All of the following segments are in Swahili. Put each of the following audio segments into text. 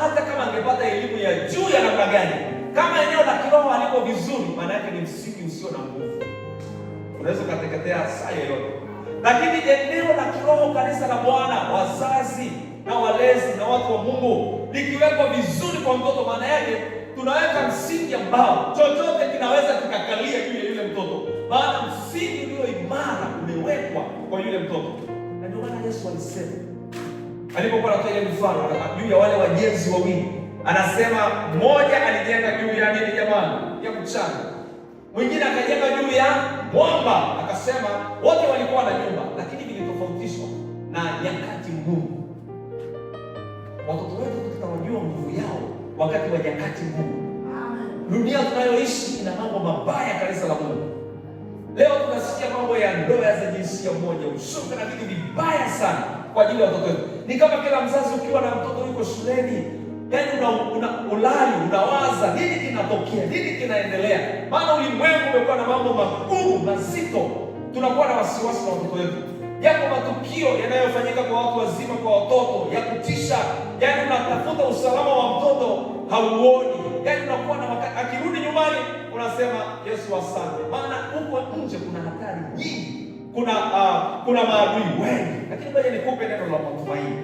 hata kama angepata elimu ya juu ya namna gani, kama eneo la kiroho aliko vizuri, maana yake ni msingi usio na nguvu, unaweza ukateketea saa yoyote. Lakini eneo la kiroho, kanisa la Bwana, wazazi na walezi na watu wa Mungu, likiwekwa vizuri kwa mtoto, maana yake tunaweka msingi ambao chochote kinaweza kikakalia juu ya yule mtoto, maana msingi ulio imara umewekwa kwa yule mtoto, na ndio maana Yesu alisema alipokuwa anatoa ile mfano juu ya wale wajenzi wawili, anasema mmoja alijenga juu ya nini jamani, ya mchanga, mwingine akajenga juu ya mwamba. Akasema wote walikuwa na nyumba, lakini vilitofautishwa na nyakati ngumu. Watoto wetu tutawajua nguvu yao wakati wa nyakati ngumu. Dunia tunayoishi ina mambo mabaya, kanisa la Mungu. Leo tunasikia mambo ya ndoa za jinsia moja, ushoga na vitu vibaya sana kwa ajili ya watoto wetu. Ni kama kila mzazi ukiwa na mtoto yuko shuleni, yaani ulali unawaza nini kinatokea, nini kinaendelea, maana ulimwengu umekuwa na mambo magumu mazito. Tunakuwa na wasiwasi wa watoto wetu. Yako matukio yanayofanyika kwa watu wazima, kwa watoto ya kutisha, yaani unatafuta usalama wa mtoto hauoni, yaani unakuwa na wakati, akirudi nyumbani unasema Yesu asante, maana huko nje kuna hatari nyingi, kuna uh, kuna maadui wengi, lakini ngoja nikupe neno la matumaini.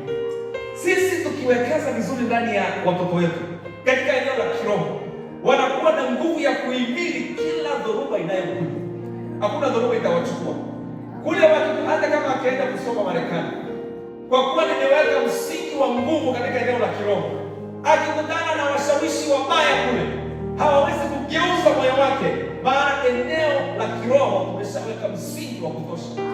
Sisi tukiwekeza vizuri ndani ya watoto wetu katika eneo la kiroho, wanakuwa na nguvu ya kuhimili kila dhoruba inayokuja. Hakuna dhoruba itawachukua kule watoto, hata kama akienda kusoma Marekani, kwa kuwa nimeweka msingi wa nguvu katika eneo la kiroho. Akikutana na washawishi wabaya kule, hawawezi kugeuza moyo wake, maana eneo la kiroho tumeshaweka msingi wa kutosha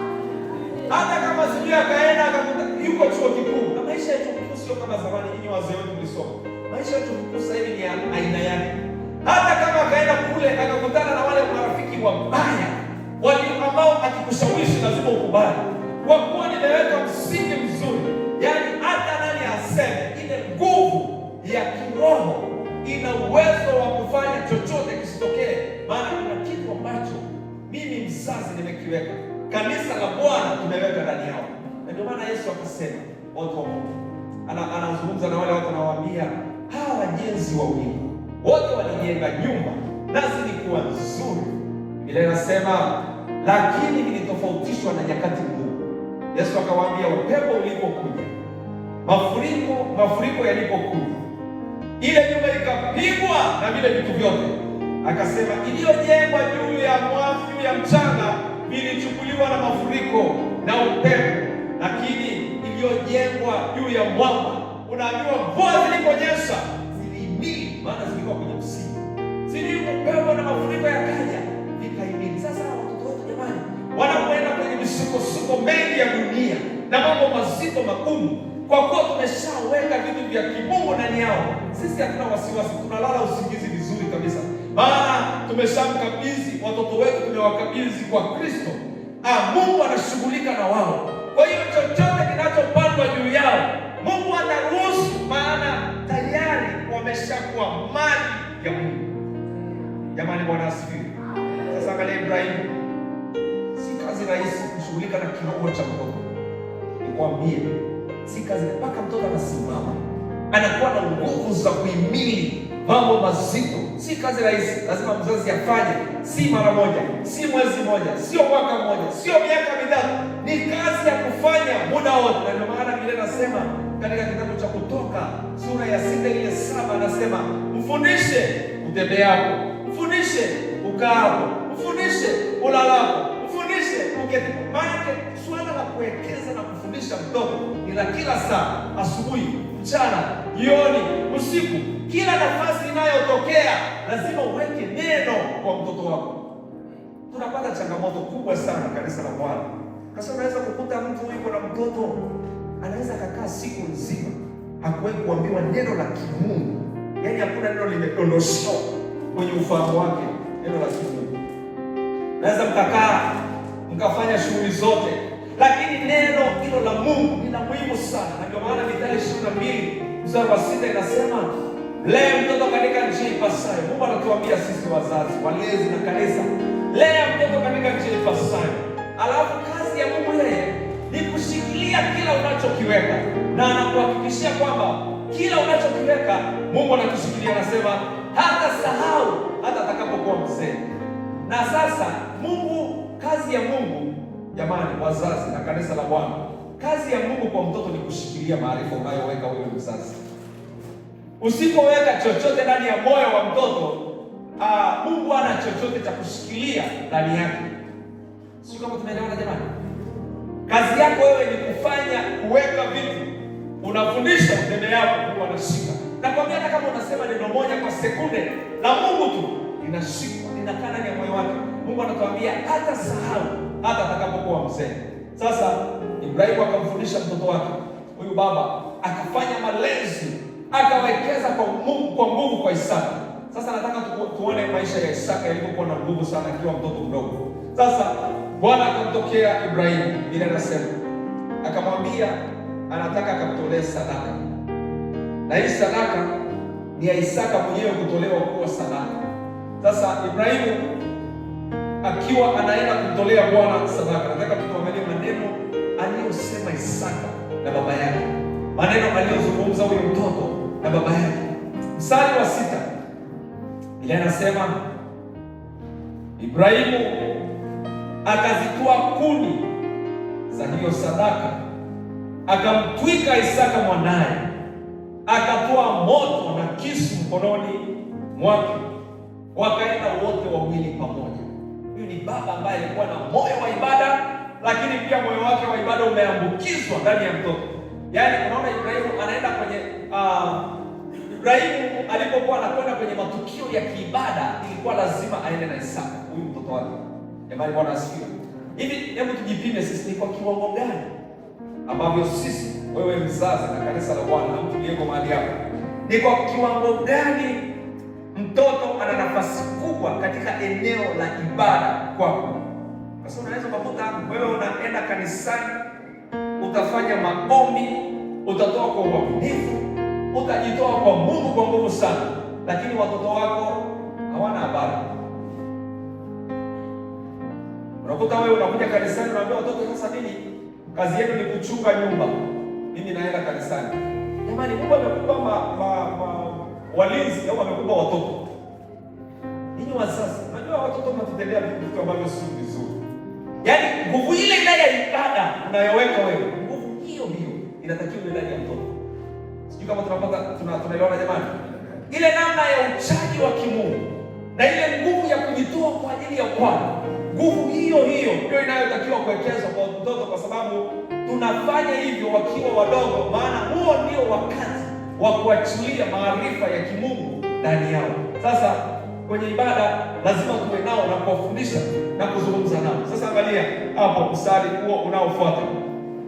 hata kama sijui akaenda akakuta yuko chuo kikuu, na maisha ya chuo kikuu sio kama zamani. Nyinyi wazee wetu mlisoma, maisha ya chuo kikuu sasa hivi ni aina yake. Hata kama akaenda kule akakutana na wale marafiki wabaya wale ambao akikushawishi lazima ukubali, kwa kuwa nimeweka msingi mzuri. Yaani hata nani aseme, ile nguvu ya kiroho ina uwezo wa kufanya chochote kisitokee, maana kuna kitu ambacho mimi mzazi nimekiweka Bwana tumeweka ndani yao, na ndio maana Yesu akasema watu ana- anazungumza na wale watu, anawaambia hawa wajenzi wa ulimwengu wote walijenga nyumba, nasi ilikuwa nzuri. Biblia inasema lakini vilitofautishwa na nyakati ngumu. Yesu akawaambia upepo ulipokuja, mafuriko mafuriko yalipokuja, ile nyumba ikapigwa na vile vitu vyote, akasema iliyojengwa juu ya mwafu ya mchanga ilichukuliwa na mafuriko na upepo, lakini iliyojengwa juu ya mwamba, unaambiwa mvua ziliponyesha zilihimili, maana zilikuwa kwenye msingi. Zilipopewa na mafuriko yakaja, vikahimili. Sasa watoto wetu jamani, wanapoenda kwenye misukosuko mengi ya dunia na mambo mazito magumu kwa kuwa tumeshaweka vitu vya kimungu ndani yao, sisi hatuna wasiwasi, tunalala usingizi maana tumeshamkabidhi watoto wetu, tumewakabidhi kwa Kristo. Ah, Mungu anashughulika na wao. Kwa hiyo chochote kinachopandwa juu yao Mungu anaruhusu, maana tayari wameshakuwa mali ya Mungu. Jamani, Bwana asifiwe. Sasa angalia Ibrahimu, si kazi rahisi kushughulika na kiroho cha mtoto. Nikwambie, si kazi mpaka mtoto anasimama, anakuwa na nguvu za kuhimili mambo mazito, si kazi rahisi. Lazima mzazi afanye, si mara moja, si mwezi moja sio mwaka mmoja, sio miaka mitatu, ni kazi ya kufanya muda wote. Na ndio maana vile nasema katika kitabu cha Kutoka sura ya sita ile saba anasema mfundishe utembeapo, mfundishe ukaapo, mfundishe ulalapo, mfundishe uketi. Maanake swala la kuwekeza na kufundisha mtoto ni la kila saa, asubuhi, mchana, jioni, usiku, kila nafasi inayotokea lazima uweke neno kwa mtoto wako. Tunapata changamoto kubwa sana kanisa la Bwana. kasa unaweza kukuta mtu yuko na mtoto anaweza akakaa siku nzima hakuwahi kuambiwa neno la kimungu, yaani hakuna neno limedondoshwa kwenye ufahamu wake, neno la kimungu. Naweza mkakaa mkafanya shughuli zote, lakini neno hilo la Mungu ni la muhimu sana, na ndio maana Mithali ishirini na mbili mstari wa sita inasema Lea mtoto katika njia ipasayo. Mungu anatuambia sisi wazazi, walezi na kanisa, lea mtoto katika njia ipasayo. Alafu kazi ya Mungu yeye ni kushikilia kila unachokiweka, na anakuhakikishia kwamba kila unachokiweka Mungu anakushikilia anasema hata sahau hata atakapokuwa mzee. Na sasa Mungu, kazi ya Mungu jamani, wazazi na kanisa la Bwana, kazi ya Mungu kwa mtoto ni kushikilia maarifa unayoweka wewe mzazi. Usipoweka chochote ndani ya moyo wa mtoto, uh, Mungu ana chochote cha kushikilia ndani yake. Sio kama tumeelewana jamani? Kazi yako wewe ni kufanya kuweka vitu, unafundisha neno yako, Mungu anashika. Nakwambia hata kama unasema neno moja kwa sekunde na Mungu tu inashika, linakaa ndani ya moyo wake. Mungu anatuambia hata sahau hata atakapokuwa mzee. Sasa Ibrahimu akamfundisha mtoto wake huyu baba, akafanya malezi akawekeza kwa nguvu kwa nguvu kwa Isaka. Sasa nataka tuone maisha ya Isaka yalivyokuwa na nguvu sana akiwa mtoto mdogo. Sasa Bwana akamtokea Ibrahimu, bila nasema akamwambia anataka akamtolee sadaka, na hii sadaka ni ya Isaka mwenyewe kutolewa kuwa sadaka. Sasa Ibrahimu akiwa anaenda kumtolea Bwana sadaka, nataka tuangalie maneno aliyosema Isaka na baba yake maneno aliyozungumza huyo mtoto na baba yake. Mstari wa sita ile anasema Ibrahimu akazitoa kuni za hiyo sadaka, akamtwika Isaka mwanaye, akatoa moto na kisu mkononi mwake, wakaenda wote wawili pamoja. Huyu ni baba ambaye alikuwa na moyo wa ibada, lakini pia moyo wake wa ibada umeambukizwa ndani ya mtoto Yaani unaona Ibrahimu anaenda kwenye uh, Ibrahimu alipokuwa anakwenda kwenye matukio ya kiibada ilikuwa lazima aende na Isaka huyu mtoto wake. Jamani, Bwana asifiwe. Hivi hebu tujipime sisi ni kwa kiwango gani ambavyo sisi, wewe mzazi na kanisa la Bwana mtu yeko mahali hapa, ni kwa kiwango gani mtoto ana nafasi kubwa katika eneo la ibada kwako? Sasa unaweza kukuta wewe unaenda kanisani utafanya maombi, utatoa kwa uaminifu, utajitoa kwa Mungu kwa nguvu sana, lakini watoto wako hawana habari. Unakuta wewe unakuja kanisani, unaambia watoto sasa, nini kazi yenu? Ni kuchunga nyumba, mimi naenda kanisani. Jamani, Mungu amekupa ma, ma, ma, walinzi au amekupa watoto? Ninyi wazazi, najua watoto mnatutendea vitu ambavyo si vizuri, yaani nguvu ile ile ya ibada unayoweka wewe inatakiwa ndani ya mtoto. Sijui kama tunapata tunaiona jamani, ile namna ya uchaji wa kimungu na ile nguvu ya kujitoa kwa ajili ya Bwana, nguvu hiyo hiyo ndio inayotakiwa kuwekezwa kwa mtoto, kwa sababu tunafanya hivyo wakiwa wadogo, maana huo ndio wakati wa kuachilia maarifa ya kimungu ndani yao. Sasa kwenye ibada lazima tuwe nao na kuwafundisha na kuzungumza nao. Sasa angalia hapo mstari huo unaofuata,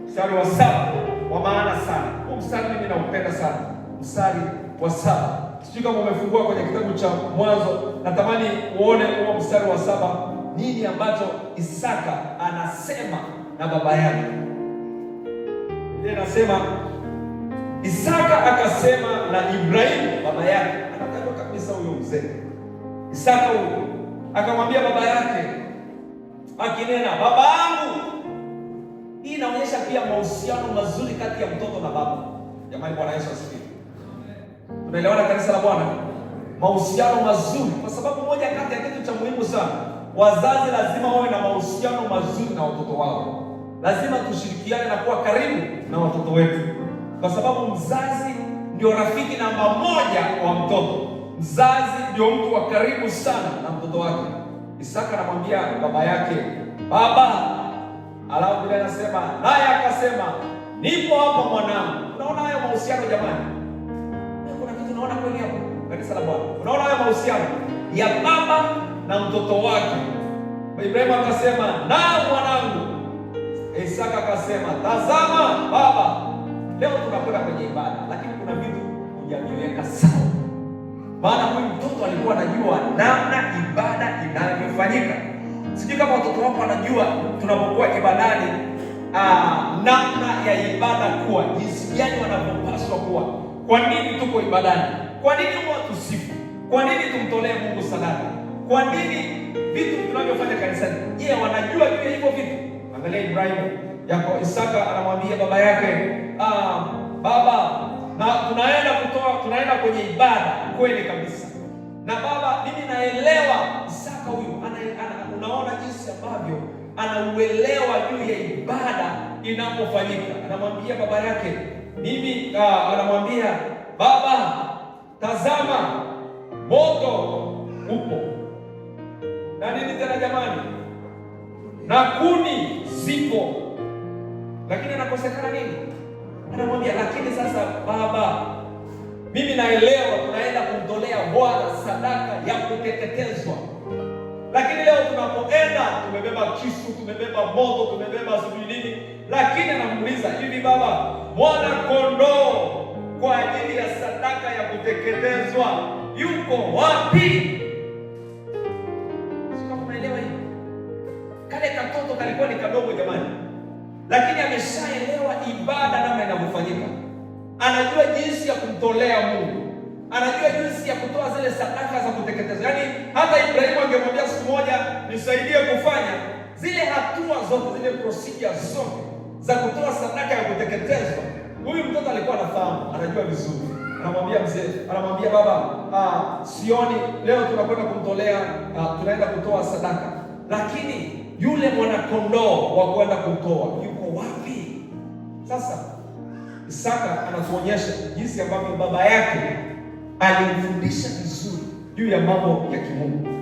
mstari wa saba wa maana sana. Huu mstari mimi naupenda sana, mstari wa saba. Sijui kama umefungua kwenye kitabu cha Mwanzo, natamani uone huo mstari wa saba, nini ambacho Isaka anasema na baba yake. Ile nasema Isaka akasema na Ibrahimu baba yake, anataka kabisa huyo mzee Isaka huyo akamwambia baba yake akinena, babangu hii inaonyesha pia mahusiano mazuri kati ya mtoto na baba. Jamani, Bwana Yesu asifiwe. Tunaelewana kanisa la Bwana? Mahusiano mazuri, kwa sababu moja kati ya kitu cha muhimu sana, wazazi lazima wawe na mahusiano mazuri na watoto wao. Lazima tushirikiane na kuwa karibu na watoto wetu, kwa sababu mzazi ndio rafiki namba moja wa mtoto. Mzazi ndio mtu wa karibu sana na mtoto wake. Isaka anamwambia baba yake, baba Alafu bila anasema naye akasema nipo hapa mwanangu. Unaona hayo mahusiano jamani? Kuna kitu unaona kweli hapo? Kanisa la Bwana. Unaona hayo mahusiano ya baba na mtoto wake. Ibrahimu akasema na mwanangu. Isaka akasema tazama baba. Leo tunakwenda kwenye ibada, lakini kuna vitu hujaviweka sawa. Maana huyu mtoto alikuwa anajua namna ibada inavyofanyika. Sijui kama watoto wako wanajua tunapokuwa ibadani, uh, namna ya ibada kuwa jinsi gani wanapopaswa kuwa. Kwa nini tuko ibadani? Kwa nini huwa tusifu? Kwa nini tumtolee Mungu sadaka? Kwa nini vitu tunavyofanya kanisani? Je, wanajua juu ya hivyo vitu? Angalia Ibrahimu yako Isaka anamwambia baba yake, ah, baba na tunaenda kutoa, tunaenda kwenye ibada kweli kabisa. Na baba, mimi naelewa Isaka huyu ana, ana unaona jinsi ambavyo anauelewa juu ya ibada inapofanyika. Anamwambia baba yake mimi, uh, anamwambia baba, tazama moto upo na nini tena jamani, na kuni zipo, lakini anakosekana nini? Anamwambia lakini sasa baba, mimi naelewa tunaenda kumtolea Bwana sadaka ya kuteketezwa lakini leo tunapoenda tumebeba kisu, tumebeba moto, tumebeba sijui nini, lakini anamuuliza hivi, baba, mwana kondoo kwa ajili ya sadaka ya kuteketezwa yuko wapi? Unaelewa hivi? Kale katoto kalikuwa ni kadogo jamani, lakini ameshaelewa ibada namna inavyofanyika, anajua jinsi ya kumtolea Mungu anajua jinsi ya kutoa zile sadaka za kuteketezwa. Yaani hata Ibrahimu angemwambia siku moja, nisaidie kufanya zile hatua zote, zile procedure zote za kutoa sadaka ya kuteketezwa, huyu mtoto alikuwa anafahamu, anajua vizuri. Anamwambia mzee, anamwambia baba, ah, sioni leo tunakwenda kumtolea, ah, tunaenda kutoa sadaka, lakini yule mwanakondoo wa kwenda kutoa yuko wapi? Sasa Isaka anatuonyesha jinsi ambavyo baba yake alimfundisha vizuri juu ya mambo ya kimungu.